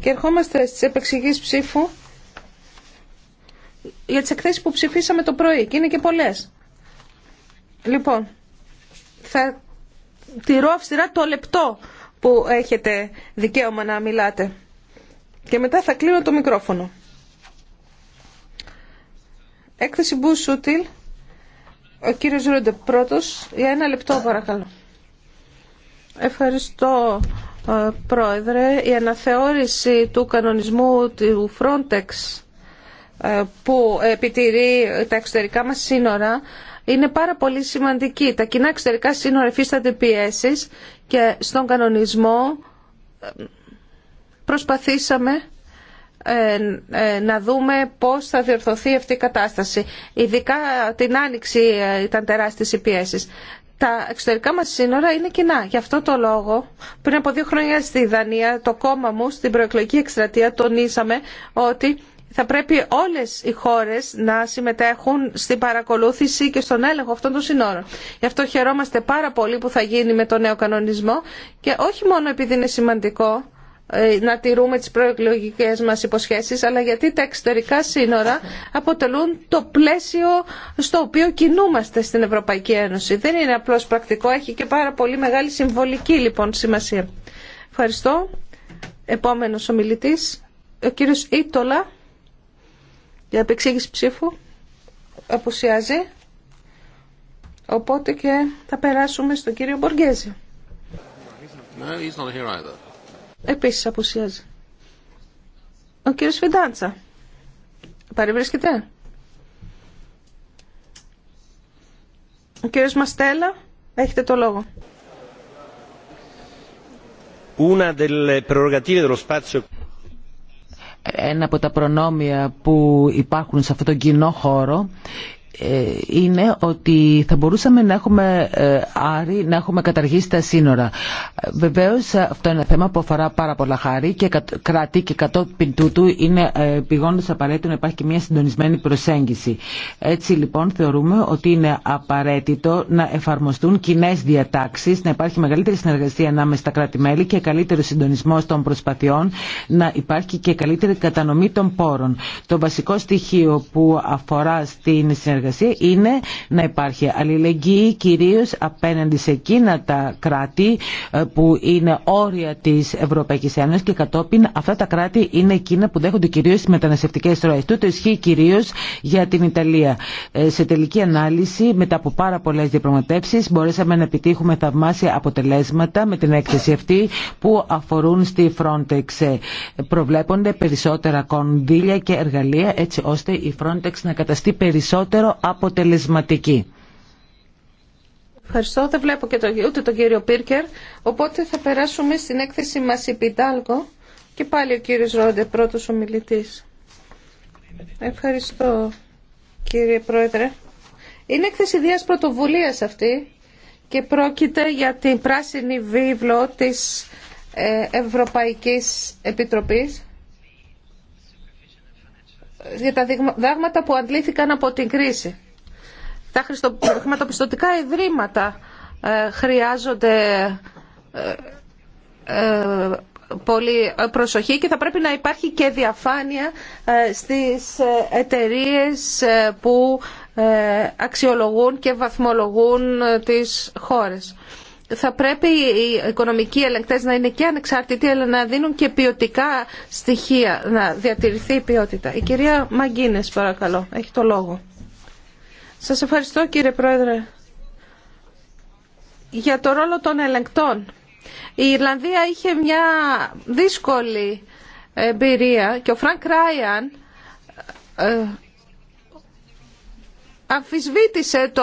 Και ερχόμαστε στι επεξηγήσει ψήφου για τι εκθέσει που ψηφίσαμε το πρωί και είναι και πολλέ. Λοιπόν, θα τηρώ αυστηρά το λεπτό που έχετε δικαίωμα να μιλάτε. Και μετά θα κλείνω το μικρόφωνο. Έκθεση Μπού Σούτιλ, ο κύριος Ρούντε πρώτος, για ένα λεπτό παρακαλώ. Ευχαριστώ ε, πρόεδρε, η αναθεώρηση του κανονισμού του Frontex ε, που επιτηρεί τα εξωτερικά μας σύνορα είναι πάρα πολύ σημαντική. Τα κοινά εξωτερικά σύνορα υφίστανται πιέσεις και στον κανονισμό ε, προσπαθήσαμε να δούμε πώς θα διορθωθεί αυτή η κατάσταση. Ειδικά την Άνοιξη ήταν τεράστιες οι πιέσεις τα εξωτερικά μας σύνορα είναι κοινά. Γι' αυτό το λόγο, πριν από δύο χρόνια στη Δανία, το κόμμα μου στην προεκλογική εκστρατεία τονίσαμε ότι θα πρέπει όλες οι χώρες να συμμετέχουν στην παρακολούθηση και στον έλεγχο αυτών των συνόρων. Γι' αυτό χαιρόμαστε πάρα πολύ που θα γίνει με το νέο κανονισμό και όχι μόνο επειδή είναι σημαντικό, ε, να τηρούμε τις προεκλογικές μας υποσχέσεις, αλλά γιατί τα εξωτερικά σύνορα αποτελούν το πλαίσιο στο οποίο κινούμαστε στην Ευρωπαϊκή Ένωση. Δεν είναι απλώς πρακτικό, έχει και πάρα πολύ μεγάλη συμβολική λοιπόν σημασία. Ευχαριστώ. Επόμενος ομιλητής, ο κύριος Ήτολα, για επεξήγηση ψήφου, απουσιάζει. Οπότε και θα περάσουμε στον κύριο Μποργέζη. Επίσης απουσιάζει. Ο κύριος Φιντάντσα. Παρευρίσκεται. Ο κύριος Μαστέλα. Έχετε το λόγο. ένα από τα προνόμια που υπάρχουν σε αυτόν τον κοινό χώρο ε, είναι ότι θα μπορούσαμε να έχουμε ε, άρει, να έχουμε καταργήσει τα σύνορα. Βεβαίω, αυτό είναι ένα θέμα που αφορά πάρα πολλά χάρη και κράτη και κατόπιν τούτου είναι ε, πηγόντως απαραίτητο να υπάρχει και μια συντονισμένη προσέγγιση. Έτσι λοιπόν θεωρούμε ότι είναι απαραίτητο να εφαρμοστούν κοινέ διατάξει, να υπάρχει μεγαλύτερη συνεργασία ανάμεσα στα κράτη-μέλη και καλύτερο συντονισμό των προσπαθειών, να υπάρχει και καλύτερη κατανομή των πόρων. Το βασικό στοιχείο που αφορά στην συνεργασία συνεργασία είναι να υπάρχει αλληλεγγύη κυρίως απέναντι σε εκείνα τα κράτη ε, που είναι όρια της Ευρωπαϊκής Ένωσης και κατόπιν αυτά τα κράτη είναι εκείνα που δέχονται κυρίως τις μεταναστευτικές ροές. Τούτο ισχύει κυρίως για την Ιταλία. Ε, σε τελική ανάλυση μετά από πάρα πολλές διαπραγματεύσεις μπορέσαμε να επιτύχουμε θαυμάσια αποτελέσματα με την έκθεση αυτή που αφορούν στη Frontex. Ε, προβλέπονται περισσότερα κονδύλια και εργαλεία έτσι ώστε η Frontex να καταστεί περισσότερο αποτελεσματική. Ευχαριστώ. Δεν βλέπω και το, ούτε τον κύριο Πίρκερ. Οπότε θα περάσουμε στην έκθεση μας η Πιτάλκο και πάλι ο κύριος Ρόντε, πρώτος ομιλητής. Ευχαριστώ κύριε Πρόεδρε. Είναι έκθεση Δίας Πρωτοβουλίας αυτή και πρόκειται για την πράσινη βίβλο της ε, Ευρωπαϊκής Επιτροπής για τα δάγματα που αντλήθηκαν από την κρίση. Τα χρηματοπιστωτικά ιδρύματα ε, χρειάζονται ε, ε, πολύ προσοχή και θα πρέπει να υπάρχει και διαφάνεια στις εταιρείες που αξιολογούν και βαθμολογούν τις χώρες θα πρέπει οι οικονομικοί ελεγκτές να είναι και ανεξάρτητοι αλλά να δίνουν και ποιοτικά στοιχεία, να διατηρηθεί η ποιότητα. Η κυρία Μαγκίνες παρακαλώ, έχει το λόγο. Σας ευχαριστώ κύριε Πρόεδρε για το ρόλο των ελεγκτών. Η Ιρλανδία είχε μια δύσκολη εμπειρία και ο Φρανκ Ράιαν ε, αμφισβήτησε το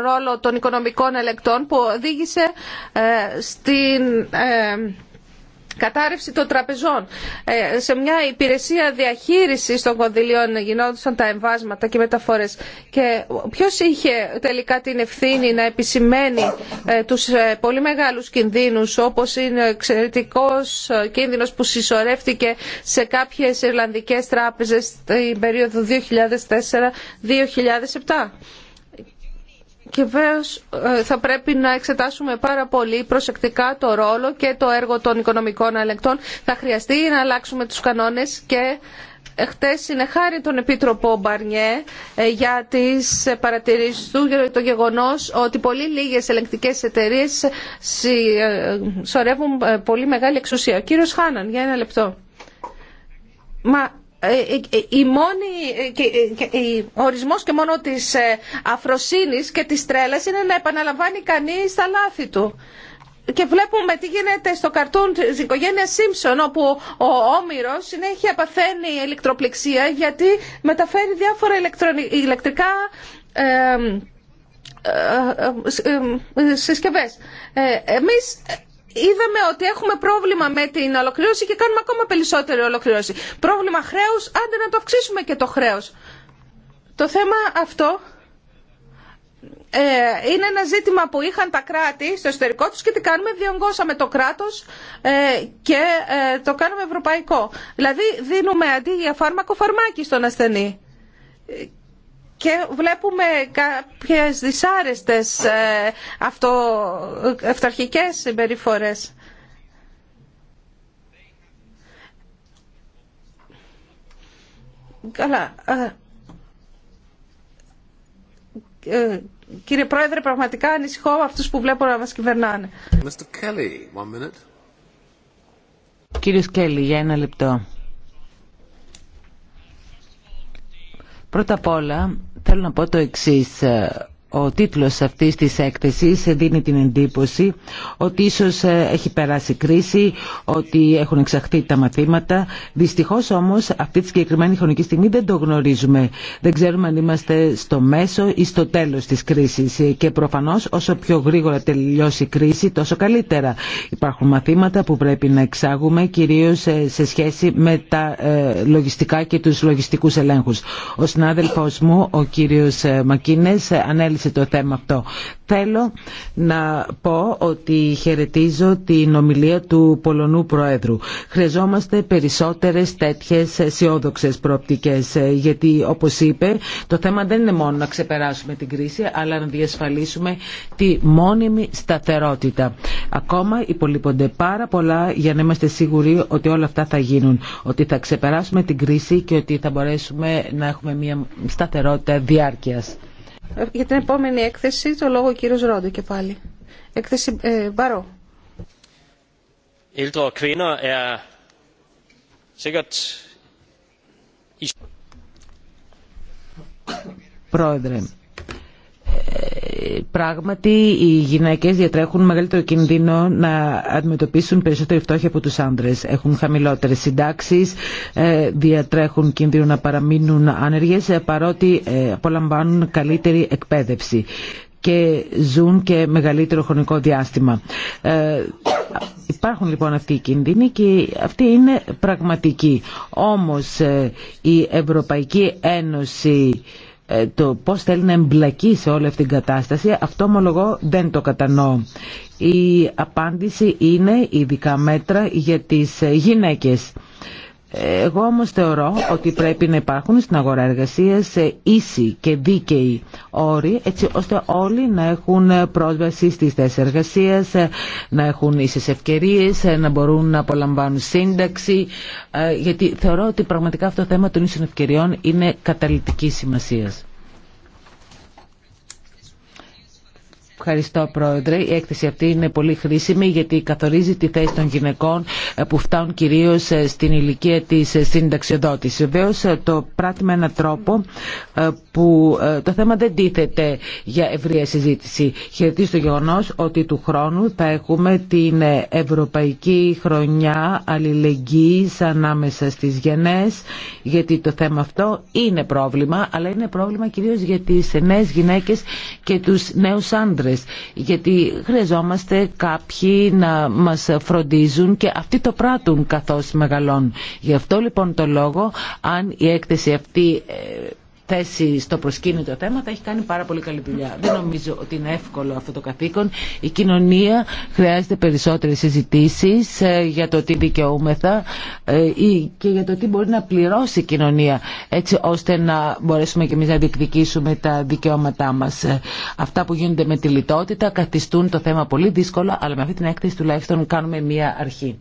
ρόλο των οικονομικών ελεκτών που οδήγησε ε, στην ε, κατάρρευση των τραπεζών. Ε, σε μια υπηρεσία διαχείρισης των κονδυλίων γινόντουσαν τα εμβάσματα και μεταφορές. Και ποιος είχε τελικά την ευθύνη να επισημαίνει ε, τους ε, πολύ μεγάλους κινδύνους όπως είναι ο εξαιρετικό κίνδυνος που συσσωρεύτηκε σε κάποιες Ιρλανδικές τράπεζες την περίοδο 2004-2007. Και βέβαια ε, θα πρέπει να εξετάσουμε πάρα πολύ προσεκτικά το ρόλο και το έργο των οικονομικών ελεγκτών. Θα χρειαστεί να αλλάξουμε τους κανόνες και ε, χτες είναι χάρη τον Επίτροπο Μπαρνιέ ε, για τις παρατηρήσεις του για το γεγονός ότι πολύ λίγες ελεγκτικές εταιρείες σωρεύουν πολύ μεγάλη εξουσία. κύριος Χάναν, για ένα λεπτό. Μα ο ε, ε, ε, ορισμός και μόνο της αφροσύνης και της τρέλας είναι να επαναλαμβάνει κανείς τα λάθη του. Και βλέπουμε τι γίνεται στο καρτούν της οικογένειας Σίμψον, όπου ο Όμηρος συνέχεια παθαίνει ηλεκτροπληξία γιατί μεταφέρει διάφορα ηλεκτρικά συσκευές. Εμείς είδαμε ότι έχουμε πρόβλημα με την ολοκλήρωση και κάνουμε ακόμα περισσότερη ολοκλήρωση. Πρόβλημα χρέους, άντε να το αυξήσουμε και το χρέος. Το θέμα αυτό ε, είναι ένα ζήτημα που είχαν τα κράτη στο εσωτερικό τους και τι κάνουμε, διονγκώσαμε το κράτος ε, και ε, το κάνουμε ευρωπαϊκό. Δηλαδή δίνουμε αντί για φάρμακο φαρμάκι στον ασθενή και βλέπουμε κάποιες δυσάρεστες ε, αυτο, αυταρχικές συμπεριφορές. Καλά. Ε, ε, κύριε Πρόεδρε, πραγματικά ανησυχώ αυτούς που βλέπω να μας κυβερνάνε. Mr. Kelly, Κύριος Κέλλη, για ένα λεπτό. Πρώτα απ' όλα, θέλω να πω το εξής ε, ο τίτλος αυτής της έκθεσης δίνει την εντύπωση ότι ίσως ε, έχει περάσει κρίση, ότι έχουν εξαχθεί τα μαθήματα. Δυστυχώς όμως αυτή τη συγκεκριμένη χρονική στιγμή δεν το γνωρίζουμε. Δεν ξέρουμε αν είμαστε στο μέσο ή στο τέλος της κρίσης. Και προφανώς όσο πιο γρήγορα τελειώσει η κρίση τόσο καλύτερα. Υπάρχουν μαθήματα που πρέπει να εξάγουμε κυρίως ε, σε σχέση με τα ε, λογιστικά και τους λογιστικούς ελέγχους. Ο συνάδελφός μου, ο κύριος Μακίνες, ανέλησε σε το θέμα αυτό. Θέλω να πω ότι χαιρετίζω την ομιλία του Πολωνού Προέδρου. Χρειαζόμαστε περισσότερες τέτοιες αισιόδοξε πρόπτικες ε, γιατί όπως είπε, το θέμα δεν είναι μόνο να ξεπεράσουμε την κρίση, αλλά να διασφαλίσουμε τη μόνιμη σταθερότητα. Ακόμα υπολείπονται πάρα πολλά για να είμαστε σίγουροι ότι όλα αυτά θα γίνουν, ότι θα ξεπεράσουμε την κρίση και ότι θα μπορέσουμε να έχουμε μια σταθερότητα διάρκειας. Ε, για την επόμενη έκθεση το λόγο ο κύριος Ρόντο και πάλι. Έκθεση ε, Μπαρό. Er Πρόεδρε, πράγματι οι γυναίκες διατρέχουν μεγαλύτερο κίνδυνο να αντιμετωπίσουν περισσότερη φτώχεια από τους άντρες. Έχουν χαμηλότερες συντάξεις, ε, διατρέχουν κίνδυνο να παραμείνουν άνεργες ε, παρότι ε, απολαμβάνουν καλύτερη εκπαίδευση και ζουν και μεγαλύτερο χρονικό διάστημα. υπάρχουν λοιπόν αυτοί οι κίνδυνοι και αυτοί είναι πραγματικοί. Όμως η Ευρωπαϊκή Ένωση ε, το πώς θέλει να εμπλακεί σε όλη αυτή την κατάσταση, αυτό ομολογώ δεν το κατανοώ. Η απάντηση είναι ειδικά μέτρα για τις γυναίκες. Εγώ όμως θεωρώ ότι πρέπει να υπάρχουν στην αγορά εργασίας ε, ίσοι και δίκαιοι όροι έτσι ώστε όλοι να έχουν πρόσβαση στις θέσεις εργασίας, ε, να έχουν ίσες ευκαιρίες, ε, να μπορούν να απολαμβάνουν σύνταξη γιατί θεωρώ ότι πραγματικά αυτό το θέμα των ίσων ευκαιριών είναι καταλητική σημασίας. Ευχαριστώ Πρόεδρε. Η έκθεση αυτή είναι πολύ χρήσιμη γιατί καθορίζει τη θέση των γυναικών ε, που φτάνουν κυρίως ε, στην ηλικία της ε, συνταξιοδότησης. Βεβαίω το πράττει με έναν τρόπο που το θέμα δεν τίθεται για ευρεία συζήτηση. Χαιρετίζω το γεγονό ότι του χρόνου θα έχουμε την Ευρωπαϊκή Χρονιά Αλληλεγγύης ανάμεσα στις γενές γιατί το θέμα αυτό είναι πρόβλημα αλλά είναι πρόβλημα κυρίως για τις νέες γυναίκες και του νέου άντρε γιατί χρειαζόμαστε κάποιοι να μας φροντίζουν και αυτοί το πράττουν καθώς μεγαλώνουν. Γι' αυτό λοιπόν το λόγο αν η έκθεση αυτή ε, θέσει στο προσκήνιο το θέμα, έχει κάνει πάρα πολύ καλή δουλειά. Δεν νομίζω ότι είναι εύκολο αυτό το καθήκον. Η κοινωνία χρειάζεται περισσότερε συζητήσει ε, για το τι δικαιούμεθα ε, και για το τι μπορεί να πληρώσει η κοινωνία, έτσι ώστε να μπορέσουμε και εμεί να διεκδικήσουμε τα δικαιώματά μα. Ε, αυτά που γίνονται με τη λιτότητα καθιστούν το θέμα πολύ δύσκολο, αλλά με αυτή την έκθεση τουλάχιστον κάνουμε μία αρχή.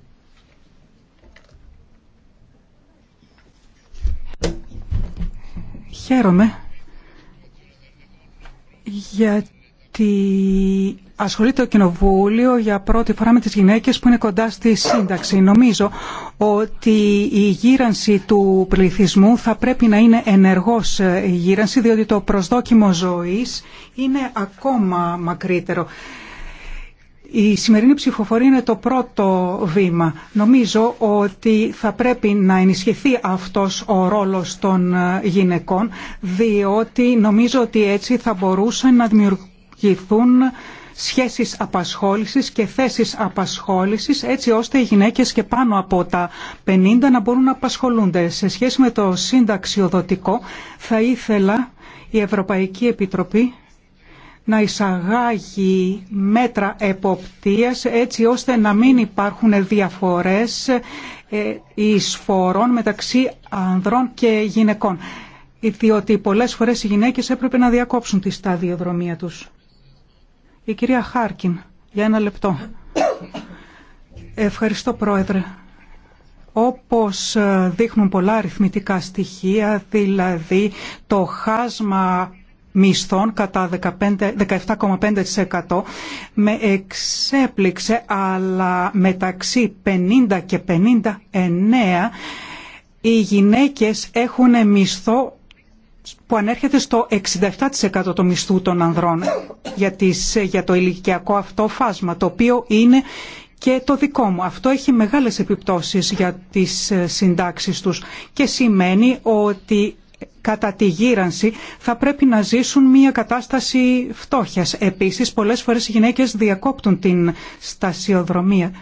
Χαίρομαι γιατί ασχολείται το Κοινοβούλιο για πρώτη φορά με τις γυναίκες που είναι κοντά στη σύνταξη. Νομίζω ότι η γύρανση του πληθυσμού θα πρέπει να είναι ενεργός γύρανση διότι το προσδόκιμο ζωής είναι ακόμα μακρύτερο. Η σημερινή ψηφοφορία είναι το πρώτο βήμα. Νομίζω ότι θα πρέπει να ενισχυθεί αυτός ο ρόλος των ε, γυναικών, διότι νομίζω ότι έτσι θα μπορούσαν να δημιουργηθούν σχέσεις απασχόλησης και θέσεις απασχόλησης έτσι ώστε οι γυναίκες και πάνω από τα 50 να μπορούν να απασχολούνται. Σε σχέση με το συνταξιοδοτικό θα ήθελα η Ευρωπαϊκή Επιτροπή να εισαγάγει μέτρα εποπτείας έτσι ώστε να μην υπάρχουν διαφορές ε, εισφορών μεταξύ ανδρών και γυναικών. Διότι πολλές φορές οι γυναίκες έπρεπε να διακόψουν τη σταδιοδρομία τους. Η κυρία Χάρκιν, για ένα λεπτό. Ευχαριστώ πρόεδρε. Όπως ε, δείχνουν πολλά αριθμητικά στοιχεία, δηλαδή το χάσμα μισθών κατά 17,5% με εξέπληξε αλλά μεταξύ 50 και 59 οι γυναίκες έχουν μισθό που ανέρχεται στο 67% του μισθού των ανδρών για, για το ηλικιακό αυτό φάσμα, το οποίο είναι και το δικό μου. Αυτό έχει μεγάλες επιπτώσεις για τις ε, συντάξεις τους και σημαίνει ότι κατά τη γύρανση θα πρέπει να ζήσουν μια κατάσταση φτώχειας. Επίσης, πολλές φορές οι γυναίκες διακόπτουν την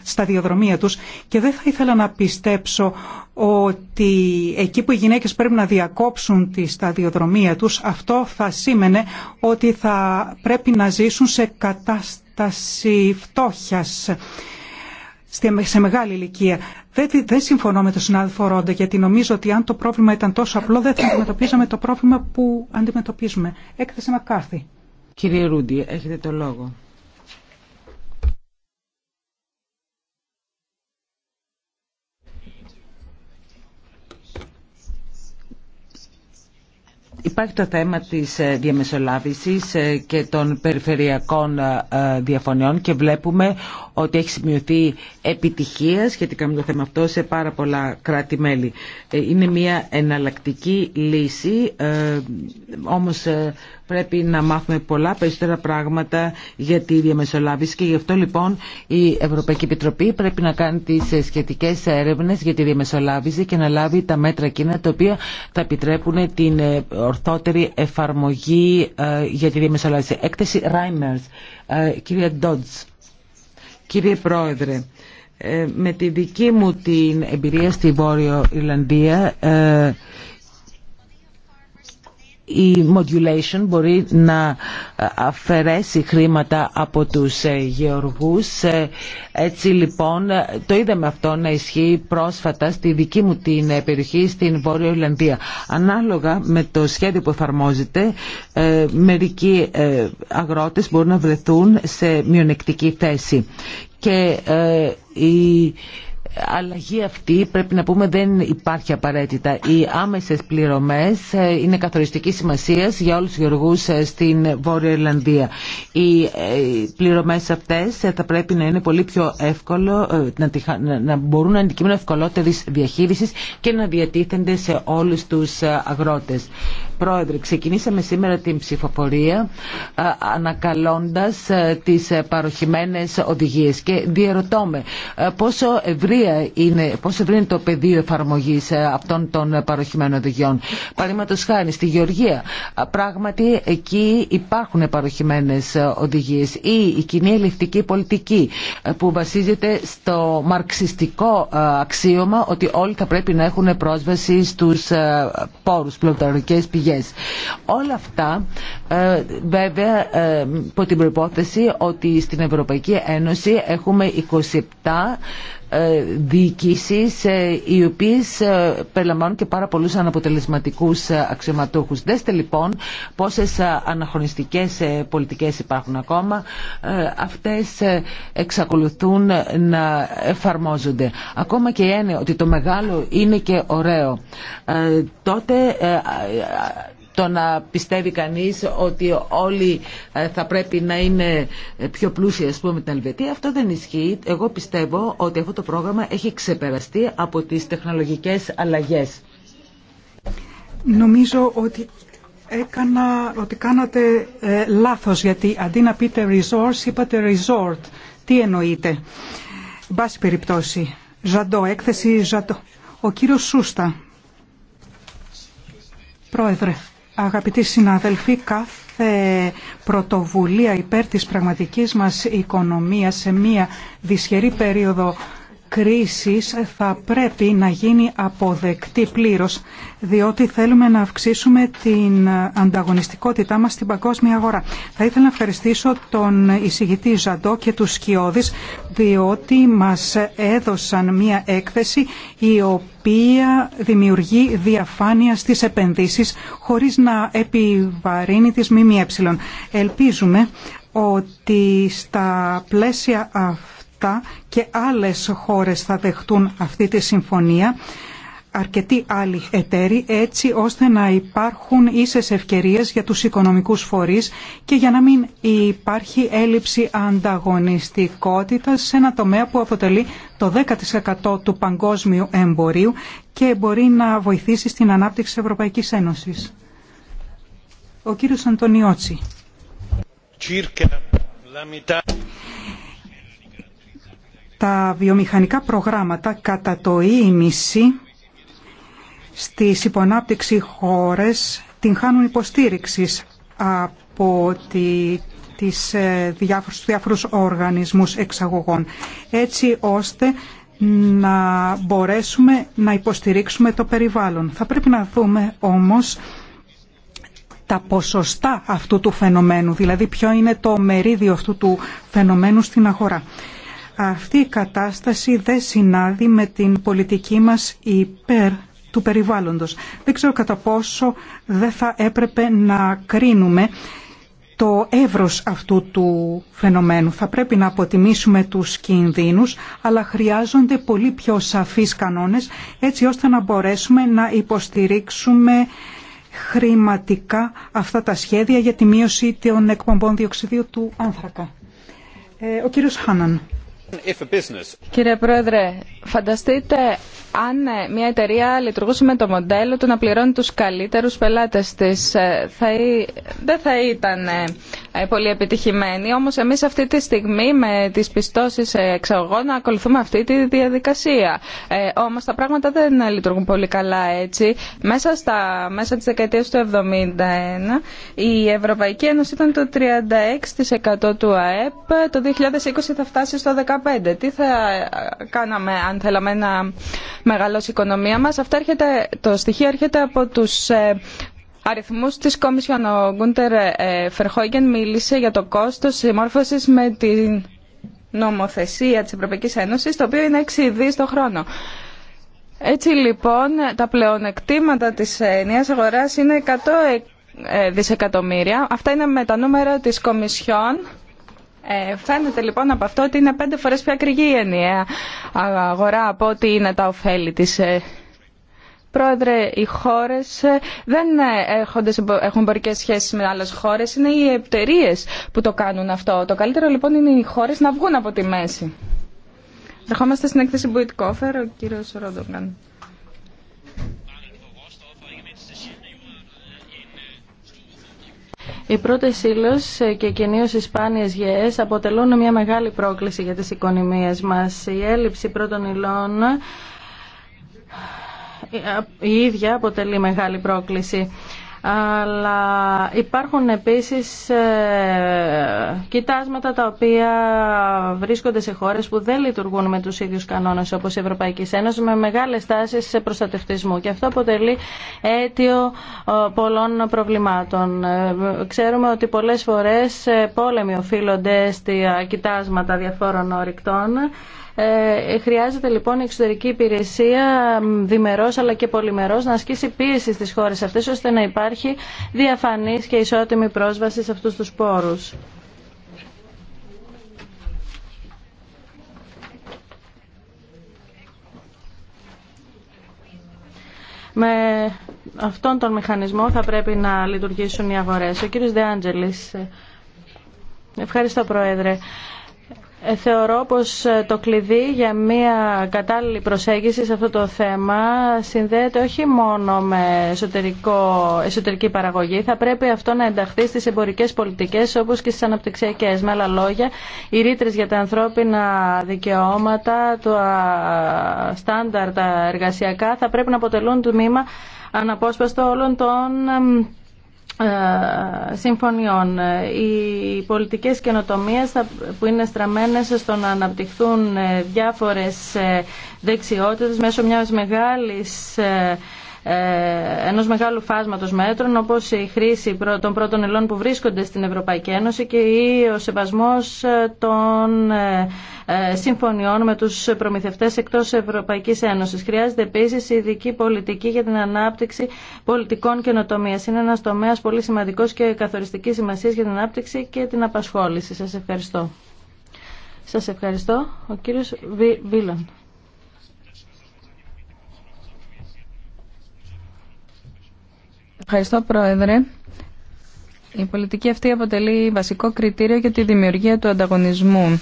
σταδιοδρομία τους και δεν θα ήθελα να πιστέψω ότι εκεί που οι γυναίκες πρέπει να διακόψουν τη σταδιοδρομία τους, αυτό θα σήμαινε ότι θα πρέπει να ζήσουν σε κατάσταση φτώχειας σε μεγάλη ηλικία. Δεν, δεν συμφωνώ με τον συνάδελφο Ρόντα γιατί νομίζω ότι αν το πρόβλημα ήταν τόσο απλό δεν θα αντιμετωπίζαμε το πρόβλημα που αντιμετωπίζουμε. Έκθεση Μακάρθη. Κύριε Ρούντι, έχετε το λόγο. Υπάρχει το θέμα της ε, διαμεσολάβησης ε, και των περιφερειακών ε, διαφωνιών και βλέπουμε ότι έχει σημειωθεί επιτυχία σχετικά με το θέμα αυτό σε πάρα πολλά κράτη-μέλη. Είναι μια εναλλακτική λύση, όμως Πρέπει να μάθουμε πολλά περισσότερα πράγματα για τη διαμεσολάβηση και γι' αυτό λοιπόν η Ευρωπαϊκή Επιτροπή πρέπει να κάνει τις σχετικές έρευνες για τη διαμεσολάβηση και να λάβει τα μέτρα εκείνα τα οποία θα επιτρέπουν την ορθότερη εφαρμογή ε, για τη διαμεσολάβηση. Έκθεση Reimers, ε, Κύριε Ντότζ, κύριε Πρόεδρε. Ε, με τη δική μου την εμπειρία στη Βόρειο Ιρλανδία η modulation μπορεί να αφαιρέσει χρήματα από τους ε, γεωργούς. Ε, έτσι λοιπόν ε, το είδαμε αυτό να ισχύει πρόσφατα στη δική μου την περιοχή στην Βόρεια Ολλανδία. Ανάλογα με το σχέδιο που εφαρμόζεται μερικοί αγρότες μπορούν να βρεθούν σε μειονεκτική θέση. Και η αλλαγή αυτή πρέπει να πούμε δεν υπάρχει απαραίτητα. Οι άμεσες πληρωμές ε, είναι καθοριστική σημασίας για όλους τους γεωργούς ε, στην Βόρεια Ιρλανδία. Οι ε, πληρωμές αυτές θα πρέπει να είναι πολύ πιο εύκολο, να μπορούν να αντικείμενο ευκολότερης διαχείρισης και να διατίθενται σε όλους τους αγρότες. Πρόεδρε, ξεκινήσαμε σήμερα την ψηφοφορία ανακαλώντας τις παροχημένες οδηγίες και διαρωτώ πόσο ευρία είναι, πόσο ευρύ είναι το πεδίο εφαρμογής αυτών των παροχημένων οδηγιών. Παραδείγματος χάρη στη Γεωργία, πράγματι εκεί υπάρχουν παροχημένες οδηγίες ή η κοινή ελευθερική πολιτική που βασίζεται στο μαρξιστικό αξίωμα ότι όλοι θα πρέπει να έχουν πρόσβαση στους πόρους, πλουταρικές πηγές Όλα αυτά ε, βέβαια ε, υπό την προπόθεση ότι στην Ευρωπαϊκή Ένωση έχουμε 27 ε, διοικήσεις ε, οι οποίες ε, περιλαμβάνουν και πάρα πολλούς αναποτελεσματικούς αξιωματούχους. Δέστε λοιπόν πόσες αναχρονιστικές πολιτικές υπάρχουν ακόμα. Αυτές εξακολουθούν να εφαρμόζονται. Ακόμα και η ότι το μεγάλο είναι και ωραίο. Τότε το να πιστεύει κανείς ότι όλοι ε, θα πρέπει να είναι ε, πιο πλούσιοι ας πούμε με την Ελβετία. Αυτό δεν ισχύει. Εγώ πιστεύω ότι αυτό το πρόγραμμα έχει ξεπεραστεί από τις τεχνολογικές αλλαγές. Νομίζω ότι έκανα, ότι κάνατε ε, λάθος γιατί αντί να πείτε resource είπατε resort. Τι εννοείτε. Μπάση περιπτώσει. Ζαντό, έκθεση Ζαντό. Ο κύριος Σούστα. Πρόεδρε, Αγαπητοί συνάδελφοι, κάθε πρωτοβουλία υπέρ της πραγματικής μας οικονομίας σε μία δυσχερή περίοδο κρίσης θα πρέπει να γίνει αποδεκτή πλήρως, διότι θέλουμε να αυξήσουμε την ανταγωνιστικότητά μας στην παγκόσμια αγορά. Θα ήθελα να ευχαριστήσω τον εισηγητή Ζαντό και τους Σκιώδης, διότι μας έδωσαν μία έκθεση η οποία δημιουργεί διαφάνεια στις επενδύσεις, χωρίς να επιβαρύνει τις ΜΜΕ. Ελπίζουμε ότι στα πλαίσια αυτά και άλλες χώρες θα δεχτούν αυτή τη συμφωνία αρκετοί άλλοι εταίροι έτσι ώστε να υπάρχουν ίσες ευκαιρίες για τους οικονομικούς φορείς και για να μην υπάρχει έλλειψη ανταγωνιστικότητας σε ένα τομέα που αποτελεί το 10% του παγκόσμιου εμπορίου και μπορεί να βοηθήσει στην ανάπτυξη της Ευρωπαϊκής Ένωσης. Ο κύριος Αντωνιώτσι τα βιομηχανικά προγράμματα κατά το ίμιση στις υπονάπτυξη χώρες την χάνουν υποστήριξης από τη, τις ε, διάφορους, διάφορους οργανισμούς εξαγωγών έτσι ώστε να μπορέσουμε να υποστηρίξουμε το περιβάλλον. Θα πρέπει να δούμε όμως τα ποσοστά αυτού του φαινομένου, δηλαδή ποιο είναι το μερίδιο αυτού του φαινομένου στην αγορά. Αυτή η κατάσταση δεν συνάδει με την πολιτική μας υπέρ του περιβάλλοντος. Δεν ξέρω κατά πόσο δεν θα έπρεπε να κρίνουμε το εύρος αυτού του φαινομένου. Θα πρέπει να αποτιμήσουμε τους κινδύνους, αλλά χρειάζονται πολύ πιο σαφείς κανόνες, έτσι ώστε να μπορέσουμε να υποστηρίξουμε χρηματικά αυτά τα σχέδια για τη μείωση των εκπομπών διοξιδίου του άνθρακα. Ε, ο κύριος Χάναν. Κύριε Πρόεδρε, φανταστείτε αν μια εταιρεία λειτουργούσε με το μοντέλο του να πληρώνει τους καλύτερους πελάτες της. Ε, θα Δεν θα ήταν ε, ε, πολύ επιτυχημένη, όμως εμείς αυτή τη στιγμή με τις πιστώσεις εξαγωγών ακολουθούμε αυτή τη διαδικασία. Ε, όμως τα πράγματα δεν λειτουργούν πολύ καλά έτσι. Μέσα, στα, μέσα της δεκαετίας του 1971 η Ευρωπαϊκή Ένωση ήταν το 36% του ΑΕΠ, το 2020 θα φτάσει στο 15%. Τι θα κάναμε αν θέλαμε να μεγαλώσει η οικονομία μας. το στοιχείο έρχεται από τους ε, αριθμούς της Κόμισιον. Ο Γκούντερ ε, Φερχόγγεν μίλησε για το κόστος συμμόρφωσης με την νομοθεσία της Ευρωπαϊκής Ένωσης, το οποίο είναι 6 δις το χρόνο. Έτσι λοιπόν τα πλεονεκτήματα της ενιαίας αγοράς είναι 100 ε, ε, δισεκατομμύρια. Αυτά είναι με τα νούμερα της Κομισιόν. φαίνεται λοιπόν από αυτό ότι είναι πέντε φορές πιο ακριβή η ενιαία αγορά από ό,τι είναι τα ωφέλη της Πρόεδρε, οι χώρε ε, δεν έχουν εμπορικέ σχέσεις με άλλες χώρες, είναι οι εταιρείε που το κάνουν αυτό. Το καλύτερο λοιπόν είναι οι χώρε να βγουν από τη μέση. Ερχόμαστε στην έκθεση Κόφερ, ο κύριος Ρόντογκαν. Οι πρώτε ύλε ε, και κυρίω οι σπάνιε γεέ αποτελούν μια μεγάλη πρόκληση για τι οικονομίε μα. Η έλλειψη πρώτων υλών η ίδια αποτελεί μεγάλη πρόκληση αλλά υπάρχουν επίσης ε, κοιτάσματα τα οποία βρίσκονται σε χώρες που δεν λειτουργούν με τους ίδιους κανόνες όπως η Ευρωπαϊκή Ένωση με μεγάλες τάσεις σε προστατευτισμού και αυτό αποτελεί αίτιο ε, πολλών προβλημάτων. Ε, ξέρουμε ότι πολλές φορές πόλεμοι οφείλονται στα κοιτάσματα διαφόρων ορυκτών ε, χρειάζεται λοιπόν η εξωτερική υπηρεσία διμερό αλλά και πολυμερό να ασκήσει πίεση στις χώρε αυτές ώστε να υπάρχει διαφανής και ισότιμη πρόσβαση σε αυτούς τους πόρους. Με αυτόν τον μηχανισμό θα πρέπει να λειτουργήσουν οι αγορές. Ο κύριος Δεάντζελης. Ευχαριστώ, Πρόεδρε. Ε, θεωρώ πως ε, το κλειδί για μια κατάλληλη προσέγγιση σε αυτό το θέμα συνδέεται όχι μόνο με εσωτερικό, εσωτερική παραγωγή, θα πρέπει αυτό να ενταχθεί στις εμπορικές πολιτικές όπως και στις αναπτυξιακές. Με άλλα λόγια, οι ρήτρε για τα ανθρώπινα δικαιώματα, τα στάνταρτα εργασιακά θα πρέπει να αποτελούν το μήμα αναπόσπαστο όλων των ε, συμφωνιών. Ε, οι πολιτικές καινοτομίες που είναι στραμμένες στο να αναπτυχθούν ε, διάφορες δεξιότητες μέσω μιας μεγάλης ε, ενός μεγάλου φάσματος μέτρων όπως η χρήση των πρώτων ελών που βρίσκονται στην Ευρωπαϊκή Ένωση και ή ο σεβασμός ε, των ε, συμφωνιών με τους προμηθευτές εκτός Ευρωπαϊκής Ένωσης. Χρειάζεται επίσης ειδική πολιτική για την ανάπτυξη πολιτικών καινοτομίας. Είναι ένας τομέας πολύ σημαντικός και καθοριστική σημασία για την ανάπτυξη και την απασχόληση. Σας ευχαριστώ. Σας ευχαριστώ. Ο κύριος Βίλαν. Ευχαριστώ, Πρόεδρε. Η πολιτική αυτή αποτελεί βασικό κριτήριο για τη δημιουργία του ανταγωνισμού.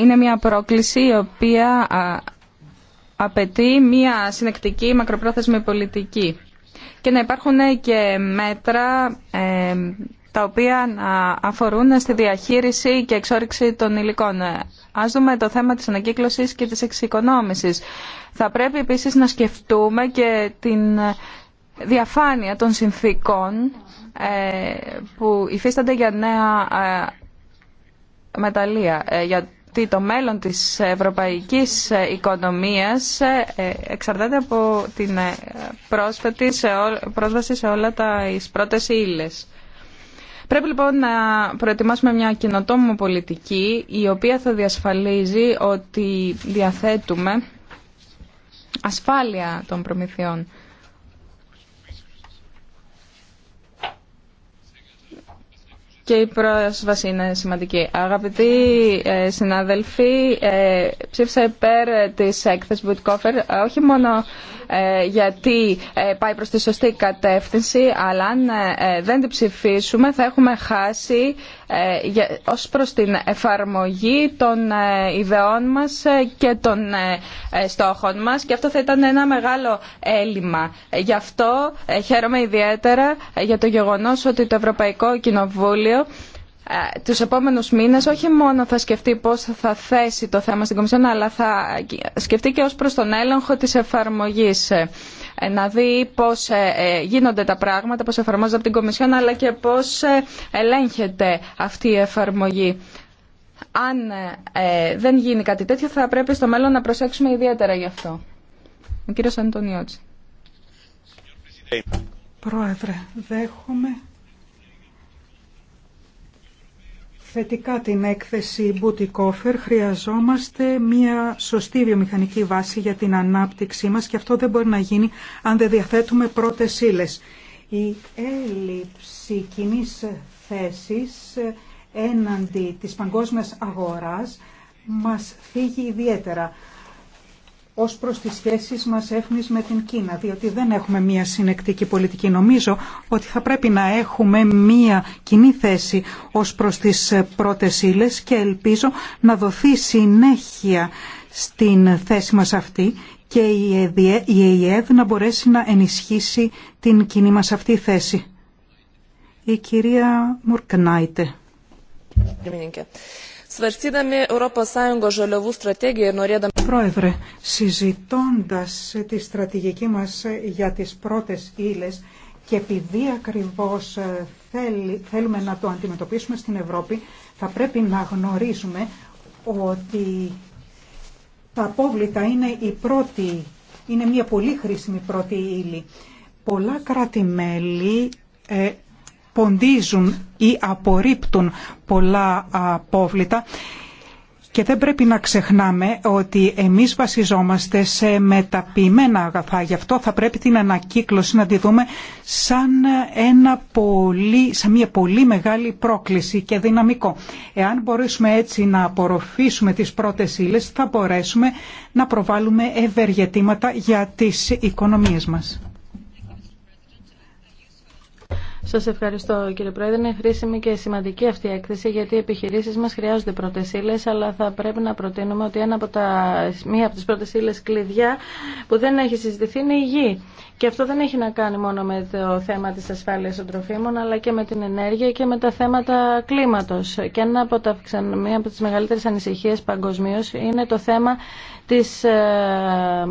Είναι μια πρόκληση η οποία απαιτεί μια συνεκτική μακροπρόθεσμη πολιτική και να υπάρχουν ε, και μέτρα ε, τα οποία να αφορούν στη διαχείριση και εξόριξη των υλικών. Ας δούμε το θέμα της ανακύκλωσης και της εξοικονόμησης. Θα πρέπει επίσης να σκεφτούμε και την διαφάνεια των συνθήκων ε, που υφίστανται για νέα ε, μεταλλεία. Ε, γιατί το μέλλον της ευρωπαϊκής οικονομίας εξαρτάται από την πρόσβαση σε όλα τα πρώτες ύλες. Πρέπει λοιπόν να προετοιμάσουμε μια κοινοτόμο πολιτική η οποία θα διασφαλίζει ότι διαθέτουμε ασφάλεια των προμηθειών. και η πρόσβαση είναι σημαντική. Αγαπητοί ε, συνάδελφοι, ε, ψήφισα υπέρ ε, της έκθεσης Βουτκόφερ όχι μόνο γιατί πάει προς τη σωστή κατεύθυνση, αλλά αν δεν την ψηφίσουμε θα έχουμε χάσει ε, ως προς την εφαρμογή των ε, ιδεών μας ε, και των στόχων μας και αυτό θα ήταν ένα μεγάλο έλλειμμα. Γι' αυτό χαίρομαι ιδιαίτερα για το γεγονός ότι το Ευρωπαϊκό Κοινοβούλιο ε, τους επόμενους μήνες όχι μόνο θα σκεφτεί πώς θα θέσει το θέμα στην Κομισιόν αλλά θα σκεφτεί και ως προς τον έλεγχο της εφαρμογής ε, να δει πώς ε, γίνονται τα πράγματα, πώς εφαρμόζονται από την Κομισιόν αλλά και πώς ελέγχεται αυτή η εφαρμογή. Αν δεν γίνει κάτι τέτοιο θα πρέπει στο μέλλον να προσέξουμε ιδιαίτερα γι' αυτό. Ο κύριος Αντωνιώτση. Πρόεδρε, δέχομαι θετικά την έκθεση Μπουτικόφερ χρειαζόμαστε μια σωστή βιομηχανική βάση για την ανάπτυξή μας και αυτό δεν μπορεί να γίνει αν δεν διαθέτουμε πρώτες ύλε. Η έλλειψη κοινή θέση έναντι της παγκόσμιας αγοράς μας φύγει ιδιαίτερα ως προς τις σχέσεις μας έφνη με την Κίνα, διότι δεν έχουμε μία συνεκτική πολιτική. Νομίζω ότι θα πρέπει να έχουμε μία κοινή θέση ως προς τις πρώτες ύλε και ελπίζω να δοθεί συνέχεια στην θέση μας αυτή και η ΕΕΔ να μπορέσει να ενισχύσει την κοινή μας αυτή θέση. Η κυρία Μουρκνάιτε. Πρόεδρε, συζητώντας τη στρατηγική μας για τις πρώτες ύλες και επειδή ακριβώς ε, θέλουμε να το αντιμετωπίσουμε στην Ευρώπη, θα πρέπει να γνωρίζουμε ότι τα απόβλητα είναι η πρώτη, είναι μια πολύ χρήσιμη πρώτη ύλη. Πολλά κράτη-μέλη ε, ποντίζουν ή απορρίπτουν πολλά απόβλητα και δεν πρέπει να ξεχνάμε ότι εμείς βασιζόμαστε σε μεταποιημένα αγαθά. Γι' αυτό θα πρέπει την ανακύκλωση να τη δούμε σαν, ένα πολύ, σαν μια πολύ μεγάλη πρόκληση και δυναμικό. Εάν μπορέσουμε έτσι να απορροφήσουμε τις πρώτες ύλε, θα μπορέσουμε να προβάλλουμε ευεργετήματα για τις οικονομίες μας. Σα ευχαριστώ κύριε Πρόεδρε. Είναι χρήσιμη και σημαντική αυτή η έκθεση γιατί οι επιχειρήσει μα χρειάζονται πρώτε ύλε, αλλά θα πρέπει να προτείνουμε ότι από τα, μία από τι πρώτε ύλε κλειδιά που δεν έχει συζητηθεί είναι η γη. Και αυτό δεν έχει να κάνει μόνο με το θέμα τη ασφάλεια των τροφίμων, αλλά και με την ενέργεια και με τα θέματα κλίματο. Και από τα, μία από τι μεγαλύτερε ανησυχίε παγκοσμίω είναι το θέμα της ε,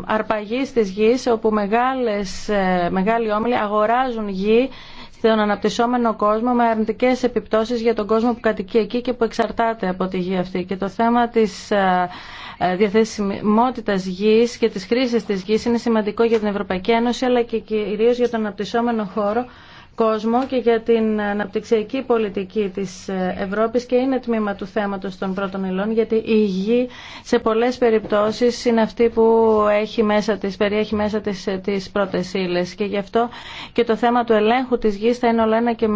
αρπαγής τη γη, όπου μεγάλες, ε, μεγάλοι όμιλοι αγοράζουν γη στον αναπτυσσόμενο κόσμο με αρνητικές επιπτώσεις για τον κόσμο που κατοικεί εκεί και που εξαρτάται από τη γη αυτή. Και το θέμα της ε, ε, διαθεσιμότητας γης και της χρήση της γης είναι σημαντικό για την Ευρωπαϊκή Ένωση αλλά και κυρίω για τον αναπτυσσόμενο χώρο κόσμο και για την αναπτυξιακή πολιτική της Ευρώπης και είναι τμήμα του θέματος των πρώτων υλών γιατί η γη σε πολλές περιπτώσεις είναι αυτή που έχει μέσα της, περιέχει μέσα της τις πρώτες και γι' αυτό και το θέμα του ελέγχου της γης θα είναι όλα ένα και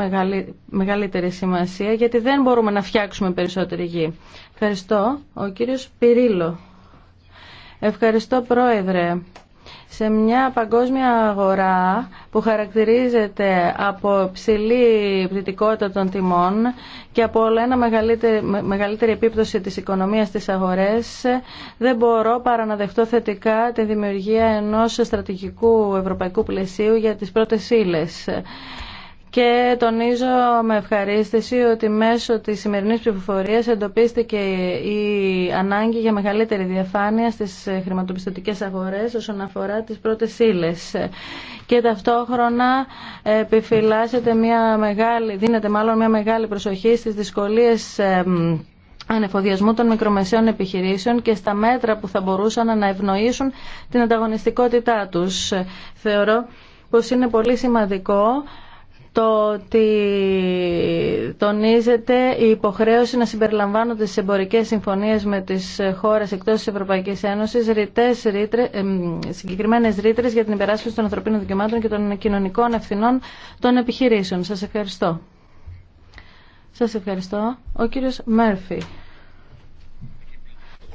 μεγαλύτερη σημασία γιατί δεν μπορούμε να φτιάξουμε περισσότερη γη. Ευχαριστώ. Ο κύριος Πυρίλο. Ευχαριστώ Πρόεδρε σε μια παγκόσμια αγορά που χαρακτηρίζεται από ψηλή πτυτικότητα των τιμών και από όλα ένα μεγαλύτερη, μεγαλύτερη επίπτωση της οικονομίας στις αγορές, δεν μπορώ παρά να δεχτώ θετικά τη δημιουργία ενός στρατηγικού ευρωπαϊκού πλαισίου για τις πρώτες ύλες και τονίζω με ευχαρίστηση ότι μέσω της σημερινής ψηφοφορίας εντοπίστηκε η ανάγκη για μεγαλύτερη διαφάνεια στις χρηματοπιστωτικές αγορές όσον αφορά τις πρώτες ύλε. και ταυτόχρονα επιφυλάσσεται μια μεγάλη, δίνεται μάλλον μια μεγάλη προσοχή στις δυσκολίες ανεφοδιασμού των μικρομεσαίων επιχειρήσεων και στα μέτρα που θα μπορούσαν να ευνοήσουν την ανταγωνιστικότητά τους. Θεωρώ πως είναι πολύ σημαντικό το ότι τονίζεται η υποχρέωση να συμπεριλαμβάνονται στις εμπορικές συμφωνίες με τις χώρες εκτός της Ευρωπαϊκής Ένωσης ρητές, ρήτρε, συγκεκριμένες ρήτρες για την υπεράσπιση των ανθρωπίνων δικαιωμάτων και των κοινωνικών ευθυνών των επιχειρήσεων. Σας ευχαριστώ. Σας ευχαριστώ. Ο κύριος Μέρφυ.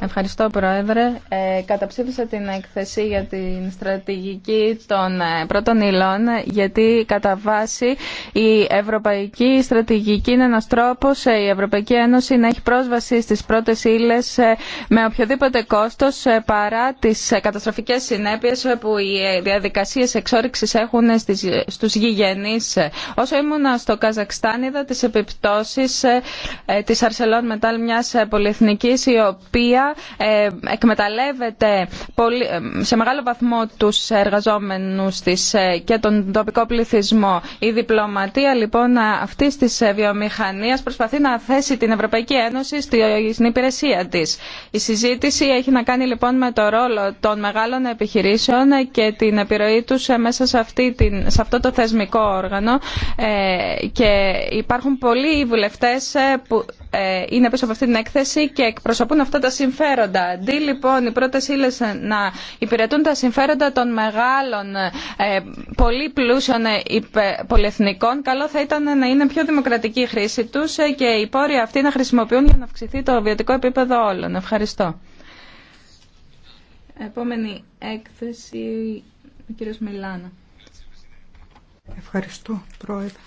Ευχαριστώ, Πρόεδρε. Ε, καταψήφισα την εκθεσή για την στρατηγική των ε, πρώτων υλών, γιατί κατά βάση η ευρωπαϊκή στρατηγική είναι ένας τρόπος ε, η Ευρωπαϊκή Ένωση να έχει πρόσβαση στις πρώτες ύλες ε, με οποιοδήποτε κόστος, παρά τις καταστροφικές συνέπειες που οι διαδικασίες εξόρυξης έχουν στις, στους γηγενείς. Όσο ήμουν στο Καζακστάν, είδα τις επιπτώσεις της Αρσελών Μετάλ, μιας πολυεθνικής, η οποία ε, εκμεταλλεύεται ε, σε μεγάλο βαθμό τους εργαζόμενους της ε, και τον τοπικό πληθυσμό. Η διπλωματία λοιπόν αυτή της βιομηχανίας προσπαθεί να θέσει την Ευρωπαϊκή Ένωση στην υπηρεσία της. Η συζήτηση έχει να κάνει λοιπόν με το ρόλο των μεγάλων επιχειρήσεων και την επιρροή του μέσα σε, αυτή την, αυτό το θεσμικό όργανο και υπάρχουν πολλοί βουλευτέ που ε, είναι πίσω από αυτή την έκθεση και εκπροσωπούν αυτά τα συμφέροντα. Αντί λοιπόν οι πρώτε ύλε να υπηρετούν τα συμφέροντα των μεγάλων ε, πολύ πλούσιων ε, πολυεθνικών, καλό θα ήταν να είναι πιο δημοκρατική η χρήση του και οι πόροι αυτοί να χρησιμοποιούν για να αυξηθεί το βιωτικό επίπεδο όλων. Ευχαριστώ. Επόμενη έκθεση, ο κύριος Μιλάνα. Ευχαριστώ, Πρόεδρε.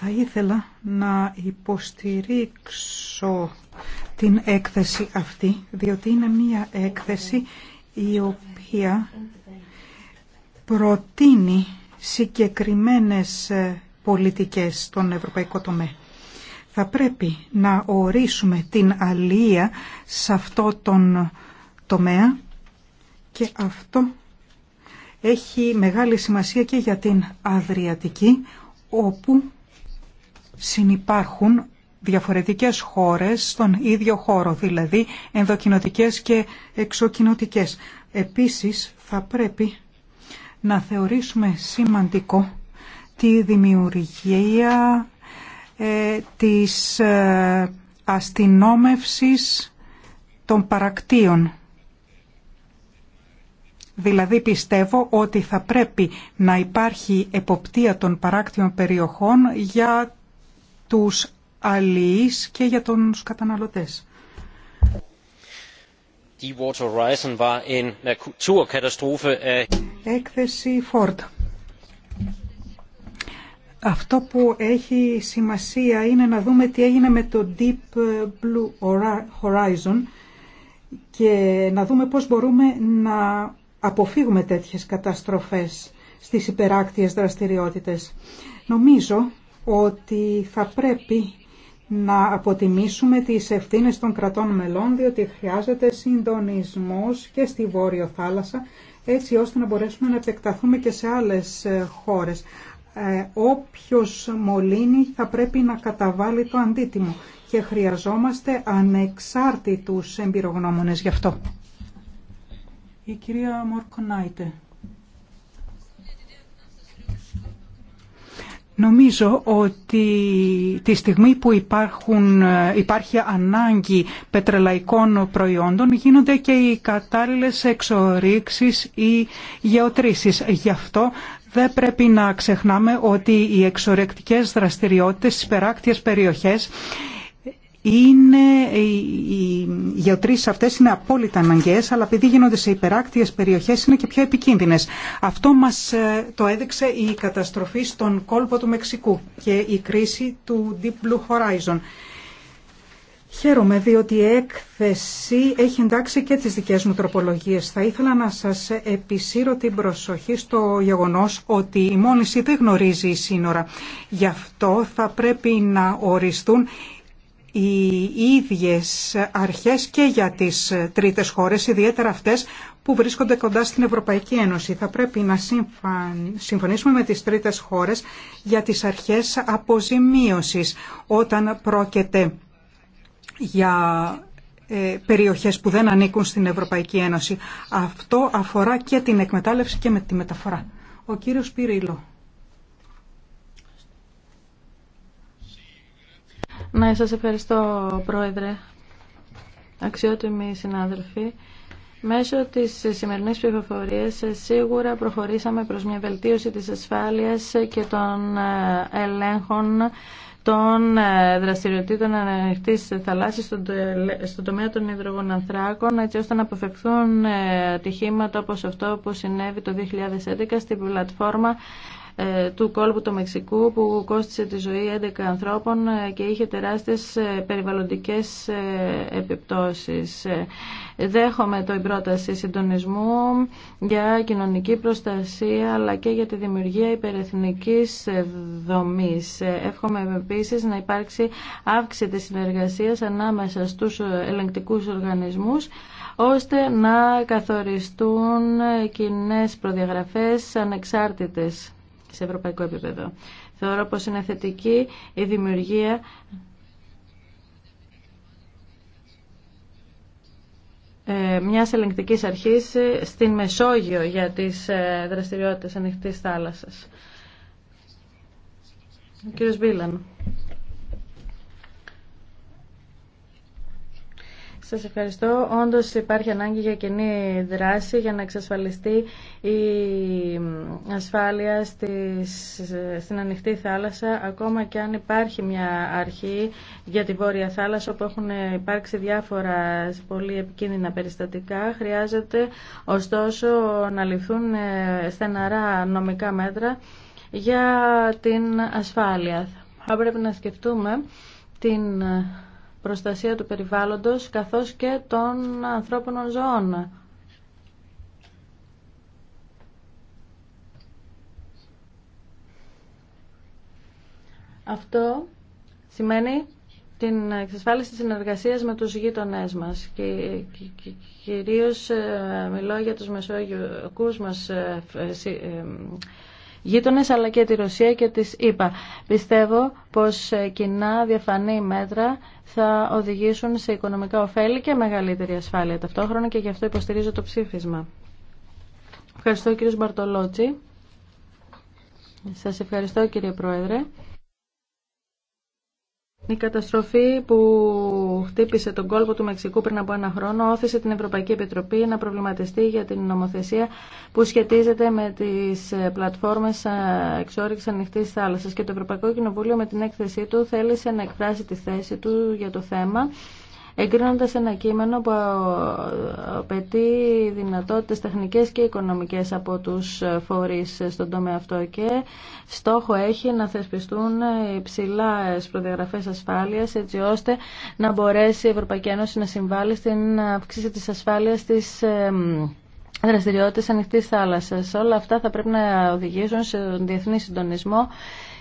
Θα ήθελα να υποστηρίξω την έκθεση αυτή, διότι είναι μία έκθεση η οποία προτείνει συγκεκριμένες ε, πολιτικές στον ευρωπαϊκό τομέα. Θα πρέπει να ορίσουμε την αλία σε αυτό τον τομέα και αυτό έχει μεγάλη σημασία και για την Αδριατική όπου συνυπάρχουν διαφορετικές χώρες στον ίδιο χώρο, δηλαδή ενδοκινοτικές και εξοκινοτικές. Επίσης, θα πρέπει να θεωρήσουμε σημαντικό τη δημιουργία ε, της ε, αστυνόμευσης των παρακτίων. Δηλαδή πιστεύω ότι θα πρέπει να υπάρχει εποπτεία των παράκτιων περιοχών για τους αλληλείς και για τους καταναλωτές. Έκθεση Ford. Αυτό που έχει σημασία είναι να δούμε τι έγινε με το Deep Blue Horizon και να δούμε πώς μπορούμε να αποφύγουμε τέτοιες καταστροφές στις υπεράκτιες δραστηριότητες. Νομίζω ότι θα πρέπει να αποτιμήσουμε τις ευθύνες των κρατών μελών, διότι χρειάζεται συντονισμός και στη Βόρειο Θάλασσα, έτσι ώστε να μπορέσουμε να επεκταθούμε και σε άλλες ε, χώρες. Ε, όποιος μολύνει θα πρέπει να καταβάλει το αντίτιμο και χρειαζόμαστε ανεξάρτητους εμπειρογνώμονες γι' αυτό. Η κυρία Μορκονάιτε. Νομίζω ότι τη στιγμή που υπάρχουν, υπάρχει ανάγκη πετρελαϊκών προϊόντων γίνονται και οι κατάλληλες εξορίξεις ή γεωτρήσεις. Γι' αυτό δεν πρέπει να ξεχνάμε ότι οι εξορεκτικές δραστηριότητες στις περάκτιες περιοχές είναι, ε, οι γεωτρήσεις αυτές είναι απόλυτα αναγκαίες, αλλά επειδή γίνονται σε υπεράκτιες περιοχές είναι και πιο επικίνδυνες. Αυτό μας ε, το έδειξε η καταστροφή στον κόλπο του Μεξικού και η κρίση του Deep Blue Horizon. Χαίρομαι διότι η έκθεση έχει εντάξει και τις δικές μου τροπολογίες. Θα ήθελα να σας επισύρω την προσοχή στο γεγονός ότι η μόνηση δεν γνωρίζει η σύνορα. Γι' αυτό θα πρέπει να οριστούν οι ίδιες αρχές και για τις τρίτες χώρες, ιδιαίτερα αυτές που βρίσκονται κοντά στην Ευρωπαϊκή Ένωση. Θα πρέπει να συμφωνήσουμε με τις τρίτες χώρες για τις αρχές αποζημίωσης όταν πρόκειται για ε, περιοχές που δεν ανήκουν στην Ευρωπαϊκή Ένωση. Αυτό αφορά και την εκμετάλλευση και με τη μεταφορά. Ο κύριος Πυρίλο. Να σας ευχαριστώ Πρόεδρε, αξιότιμοι συνάδελφοι. Μέσω της σημερινής ψηφοφορίας σίγουρα προχωρήσαμε προς μια βελτίωση της ασφάλειας και των ε, ελέγχων των ε, δραστηριοτήτων ανοιχτή θαλάσσης στον τομέα των ανθράκων έτσι ώστε να αποφευθούν ε, ατυχήματα όπως αυτό που συνέβη το 2011 στην πλατφόρμα ε, του κόλπου του Μεξικού που κόστισε τη ζωή 11 ανθρώπων ε, και είχε τεράστιες ε, περιβαλλοντικές επιπτώσεις. Δέχομαι την πρόταση συντονισμού για κοινωνική προστασία αλλά και για τη δημιουργία υπερεθνικής δομής. Εύχομαι επίσης να υπάρξει αύξηση της συνεργασίας ανάμεσα στους ελεγκτικούς οργανισμούς ώστε να καθοριστούν κοινέ προδιαγραφές ανεξάρτητες σε ευρωπαϊκό επίπεδο. Θεωρώ πως είναι θετική η δημιουργία ε, μιας ελεγκτικής αρχής στην Μεσόγειο για τις ε, δραστηριότητες ανοιχτής θάλασσας. Ο κύριος Σας ευχαριστώ. Όντως υπάρχει ανάγκη για κοινή δράση για να εξασφαλιστεί η ασφάλεια στις, στην ανοιχτή θάλασσα ακόμα και αν υπάρχει μια αρχή για τη Βόρεια Θάλασσα όπου έχουν υπάρξει διάφορα πολύ επικίνδυνα περιστατικά χρειάζεται ωστόσο να ληφθούν ε, στεναρά νομικά μέτρα για την ασφάλεια. Θα πρέπει να σκεφτούμε την προστασία του περιβάλλοντος καθώς και των ανθρώπινων ζωών. Αυτό σημαίνει την εξασφάλιση της συνεργασίας με τους γείτονές μας και, κυρίως ε, μιλώ για τους μεσογειακούς μας ε, ε, Γείτονε, αλλά και τη Ρωσία και τις ΕΠΑ. Πιστεύω πως κοινά διαφανή μέτρα θα οδηγήσουν σε οικονομικά ωφέλη και μεγαλύτερη ασφάλεια ταυτόχρονα και γι' αυτό υποστηρίζω το ψήφισμα. Ευχαριστώ κύριο Μπαρτολότσι. Σας ευχαριστώ κύριε Πρόεδρε. Η καταστροφή που χτύπησε τον κόλπο του Μεξικού πριν από ένα χρόνο όθησε την Ευρωπαϊκή Επιτροπή να προβληματιστεί για την νομοθεσία που σχετίζεται με τις ε, πλατφόρμες ε, Εξόριξη ανοιχτή Θάλασσα και το Ευρωπαϊκό Κοινοβούλιο με την έκθεσή του θέλησε να εκφράσει τη θέση του για το θέμα εγκρίνοντας ένα κείμενο που απαιτεί δυνατότητες τεχνικές και οικονομικές από τους φορείς στον τομέα αυτό και στόχο έχει να θεσπιστούν υψηλά προδιαγραφές ασφάλειας έτσι ώστε να μπορέσει η Ευρωπαϊκή Ένωση να συμβάλλει στην αύξηση της ασφάλειας της δραστηριότητες ανοιχτής θάλασσα. Όλα αυτά θα πρέπει να οδηγήσουν σε διεθνή συντονισμό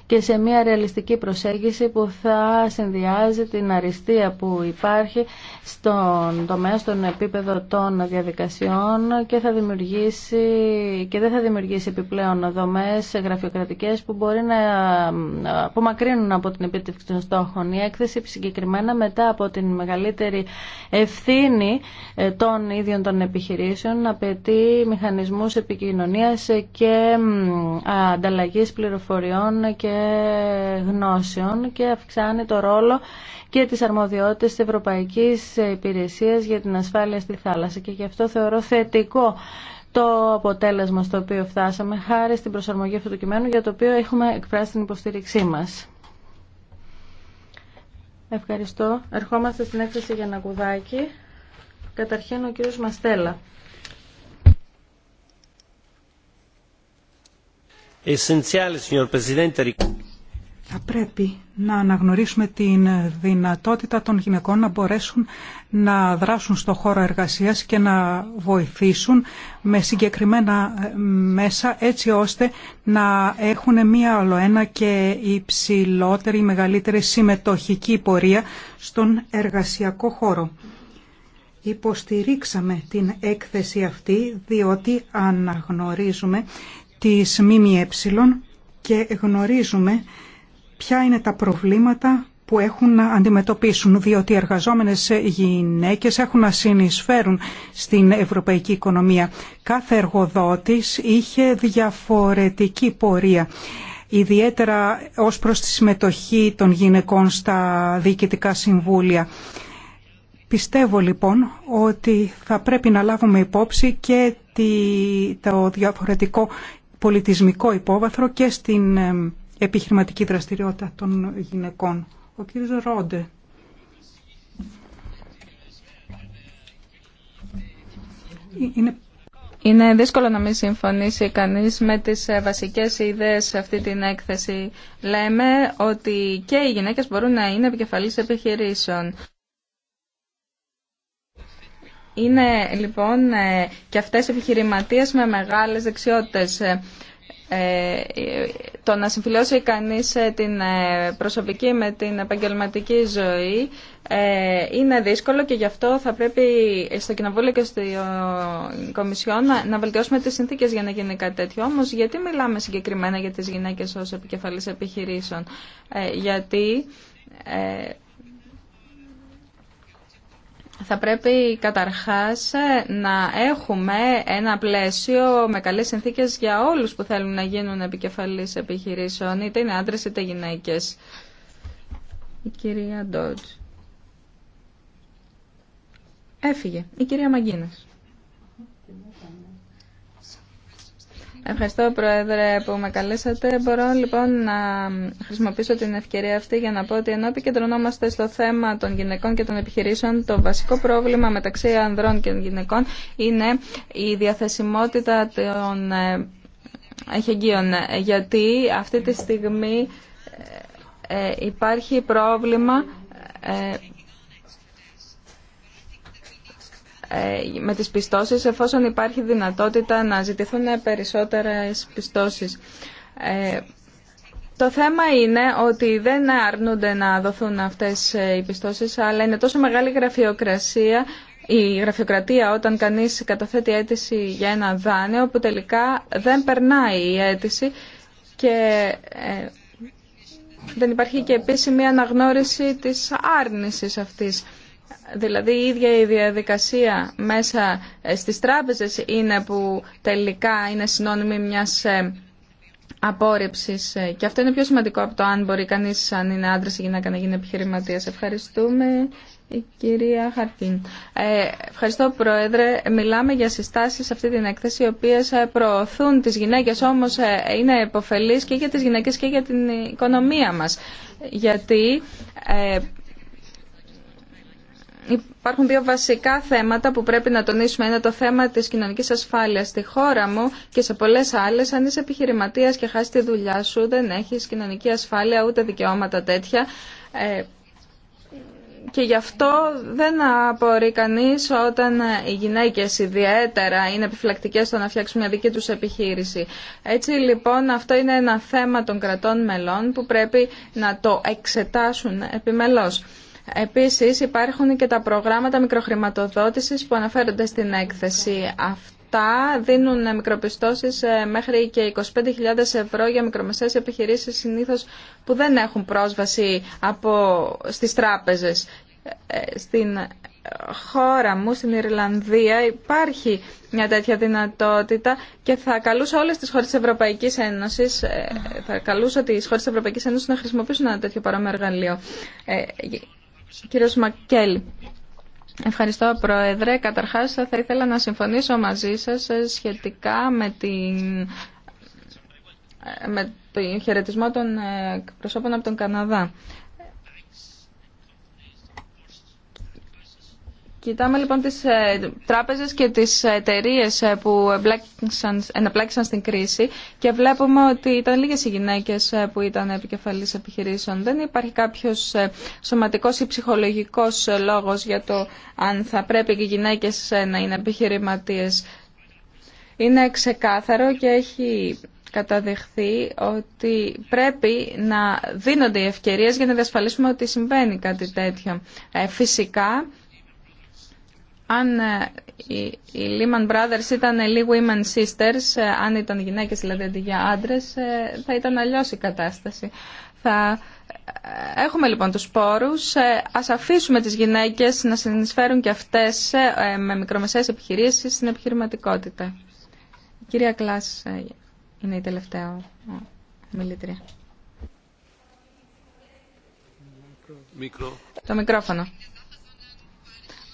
και σε μια ρεαλιστική προσέγγιση που θα συνδυάζει την αριστεία που υπάρχει στον τομέα, στον επίπεδο των διαδικασιών και, θα δημιουργήσει, και δεν θα δημιουργήσει επιπλέον δομές γραφειοκρατικές που μπορεί να απομακρύνουν από την επίτευξη των στόχων. Η έκθεση συγκεκριμένα μετά από την μεγαλύτερη ευθύνη ε, των ίδιων των επιχειρήσεων απαιτεί μηχανισμούς επικοινωνίας και ανταλλαγής πληροφοριών και γνώσεων και αυξάνει το ρόλο και τις αρμοδιότητες της Ευρωπαϊκής Υπηρεσίας για την ασφάλεια στη θάλασσα και γι' αυτό θεωρώ θετικό το αποτέλεσμα στο οποίο φτάσαμε χάρη στην προσαρμογή αυτού του κειμένου για το οποίο έχουμε εκφράσει την υποστήριξή μας. Ευχαριστώ. Ερχόμαστε στην έκθεση για κουδάκι. Καταρχήν ο κύριος Μαστέλα. Θα πρέπει να αναγνωρίσουμε την δυνατότητα των γυναικών να μπορέσουν να δράσουν στο χώρο εργασίας και να βοηθήσουν με συγκεκριμένα ε, μέσα έτσι ώστε να έχουν μία ολοένα και υψηλότερη, μεγαλύτερη συμμετοχική πορεία στον εργασιακό χώρο. Υποστηρίξαμε την έκθεση αυτή διότι αναγνωρίζουμε της ΜΜΕ και γνωρίζουμε ποια είναι τα προβλήματα που έχουν να αντιμετωπίσουν, διότι οι εργαζόμενες γυναίκες έχουν να συνεισφέρουν στην ευρωπαϊκή οικονομία. Κάθε εργοδότης είχε διαφορετική πορεία, ιδιαίτερα ως προς τη συμμετοχή των γυναικών στα διοικητικά συμβούλια. Πιστεύω λοιπόν ότι θα πρέπει να λάβουμε υπόψη και το διαφορετικό πολιτισμικό υπόβαθρο και στην ε, επιχειρηματική δραστηριότητα των γυναικών. Ο κύριος Ρόντε. Είναι... δύσκολο να μην συμφωνήσει κανείς με τις ε, βασικές ιδέες σε αυτή την έκθεση. Λέμε ότι και οι γυναίκες μπορούν να είναι επικεφαλής επιχειρήσεων. Είναι λοιπόν ε, και αυτές οι επιχειρηματίες με μεγάλες δεξιότητες. Ε, ε, το να συμφιλώσει κανείς την προσωπική με την επαγγελματική ζωή είναι δύσκολο και γι' αυτό θα πρέπει στο Κοινοβούλιο και στη Κομισιόν να βελτιώσουμε τις συνθήκες για να γίνει κάτι τέτοιο. Όμως γιατί μιλάμε συγκεκριμένα για τις γυναίκες ως επικεφαλής επιχειρήσεων. Γιατί θα πρέπει καταρχάς ε, να έχουμε ένα πλαίσιο με καλές συνθήκες για όλους που θέλουν να γίνουν επικεφαλής επιχειρήσεων, είτε είναι άντρες είτε γυναίκες. Η κυρία Ντότζ. Έφυγε. Η κυρία Μαγκίνας. Ευχαριστώ Πρόεδρε που με καλέσατε. Μπορώ λοιπόν να χρησιμοποιήσω την ευκαιρία αυτή για να πω ότι ενώ επικεντρωνόμαστε στο θέμα των γυναικών και των επιχειρήσεων, το βασικό πρόβλημα μεταξύ ανδρών και γυναικών είναι η διαθεσιμότητα των ε, εχεγγύων. Γιατί αυτή τη στιγμή ε, ε, υπάρχει πρόβλημα Ε, με τις πιστώσεις εφόσον υπάρχει δυνατότητα να ζητηθούν περισσότερες πιστώσεις. Ε, το θέμα είναι ότι δεν αρνούνται να δοθούν αυτές ε, οι πιστώσεις, αλλά είναι τόσο μεγάλη γραφειοκρασία η γραφειοκρατία όταν κανείς καταθέτει αίτηση για ένα δάνειο που τελικά δεν περνάει η αίτηση και δεν υπάρχει και επίσημη αναγνώριση της άρνησης αυτής. Δηλαδή η ίδια η διαδικασία μέσα ε, στις τράπεζες είναι που τελικά είναι συνώνυμη μιας ε, απόρριψης. Ε, και αυτό είναι πιο σημαντικό από το αν μπορεί κανείς, αν είναι άντρας ή γυναίκα, να γίνει επιχειρηματίας. Ευχαριστούμε. Η κυρία Χαρτίν. Ε, ευχαριστώ Πρόεδρε. Μιλάμε για συστάσεις σε αυτή την έκθεση οι οποίες προωθούν τις γυναίκες όμως είναι επωφελείς και για τις γυναίκες και για την οικονομία μας. Γιατί ε, Υπάρχουν δύο βασικά θέματα που πρέπει να τονίσουμε. Είναι το θέμα της κοινωνική ασφάλειας στη χώρα μου και σε πολλές άλλες. Αν είσαι επιχειρηματίας και χάσει τη δουλειά σου, δεν έχεις κοινωνική ασφάλεια ούτε δικαιώματα τέτοια. Ε, και γι' αυτό δεν απορεί κανεί όταν οι γυναίκε ιδιαίτερα είναι επιφυλακτικέ στο να φτιάξουν μια δική του επιχείρηση. Έτσι λοιπόν αυτό είναι ένα θέμα των κρατών μελών που πρέπει να το εξετάσουν επιμελώς. Επίσης υπάρχουν και τα προγράμματα μικροχρηματοδότησης που αναφέρονται στην έκθεση αυτά δίνουν μικροπιστώσεις ε, μέχρι και 25.000 ευρώ για μικρομεσαίες επιχειρήσεις συνήθως που δεν έχουν πρόσβαση από, στις τράπεζες. Ε, στην χώρα μου, στην Ιρλανδία, υπάρχει μια τέτοια δυνατότητα και θα καλούσα όλες τις χώρες της Ευρωπαϊκής Ένωσης, ε, θα καλούσα τις χώρες Ευρωπαϊκής Ένωσης να χρησιμοποιήσουν ένα τέτοιο παρόμοιο εργαλείο κύριος Μακέλη. Ευχαριστώ, Πρόεδρε. Καταρχάς, θα ήθελα να συμφωνήσω μαζί σας σχετικά με την με το χαιρετισμό των ε, προσώπων από τον Καναδά. Κοιτάμε λοιπόν τις ε, τράπεζες και τις εταιρείε ε, που εναπλάκησαν στην κρίση και βλέπουμε ότι ήταν λίγες οι γυναίκες ε, που ήταν επικεφαλής επιχειρήσεων. Δεν υπάρχει κάποιος σωματικός ή ψυχολογικός λόγος για το αν θα πρέπει και οι γυναίκες να είναι επιχειρηματίες. Είναι ξεκάθαρο και έχει καταδεχθεί ότι πρέπει να δίνονται οι ευκαιρίες για να διασφαλίσουμε ότι συμβαίνει κάτι τέτοιο. φυσικά αν οι ε, Lehman Brothers ήταν λίγο Women Sisters, ε, αν ήταν γυναίκες δηλαδή αντί για άντρες, ε, θα ήταν αλλιώς η κατάσταση. Θα... Έχουμε λοιπόν τους πόρους, ας αφήσουμε τις γυναίκες να συνεισφέρουν και αυτές με μικρομεσαίες επιχειρήσεις στην επιχειρηματικότητα. Η κυρία Κλάς είναι η τελευταία μιλήτρια. Το μικρόφωνο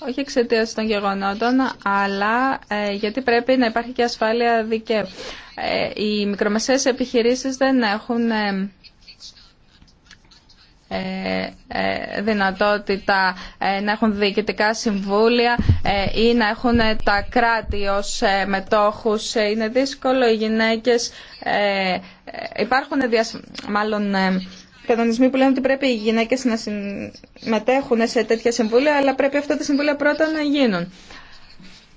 όχι εξαιτία των γεγονότων, αλλά ε, γιατί πρέπει να υπάρχει και ασφάλεια δικαίου. Ε, οι μικρομεσαίες επιχειρήσεις δεν έχουν ε, δυνατότητα να έχουν διοικητικά συμβούλια ή να έχουν τα κράτη ως μετόχους. Είναι δύσκολο οι γυναίκες... Υπάρχουν μάλλον κανονισμοί που λένε ότι πρέπει οι γυναίκε να συμμετέχουν σε τέτοια συμβούλια, αλλά πρέπει αυτά τα συμβούλια πρώτα να γίνουν.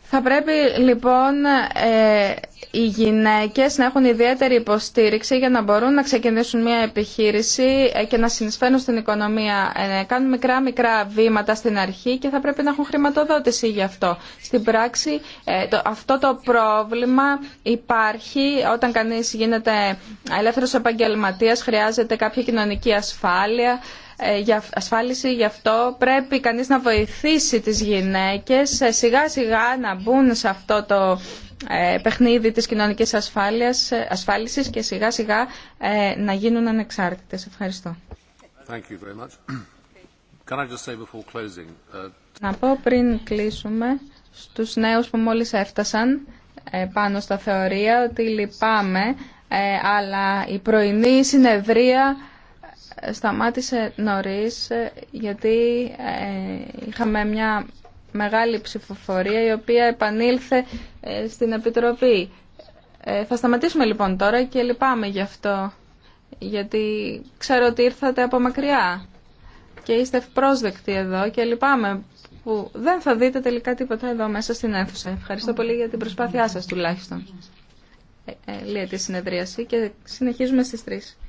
Θα πρέπει λοιπόν ε, οι γυναίκες να έχουν ιδιαίτερη υποστήριξη για να μπορούν να ξεκινήσουν μια επιχείρηση ε, και να συνεισφέρουν στην οικονομία. Ε, κάνουν μικρά μικρά βήματα στην αρχή και θα πρέπει να έχουν χρηματοδότηση γι' αυτό. Στην πράξη ε, αυτό το πρόβλημα υπάρχει όταν κανείς γίνεται ελεύθερος επαγγελματίας, χρειάζεται κάποια κοινωνική ασφάλεια ε, για ασφάλιση γι' αυτό πρέπει κανείς να βοηθήσει τις γυναίκες ε, σιγά σιγά να μπουν σε αυτό το ε, παιχνίδι της κοινωνικής ασφάλειας, ασφάλισης και σιγά σιγά να γίνουν ανεξάρτητες. Ευχαριστώ. Να πω πριν κλείσουμε στους νέους που μόλις έφτασαν πάνω στα θεωρία ότι λυπάμαι αλλά η πρωινή συνεδρία σταμάτησε νωρίς ε, γιατί ε, είχαμε μια μεγάλη ψηφοφορία η οποία επανήλθε ε, στην Επιτροπή. Θα σταματήσουμε λοιπόν τώρα και λυπάμαι γι' αυτό γιατί ξέρω ότι ήρθατε από μακριά και είστε ευπρόσδεκτοι εδώ και λυπάμαι που δεν θα δείτε τελικά τίποτα εδώ μέσα στην αίθουσα. Ευχαριστώ πολύ για την προσπάθειά σας τουλάχιστον. Ε, ε, Λύεται συνεδρίαση και συνεχίζουμε στις 3.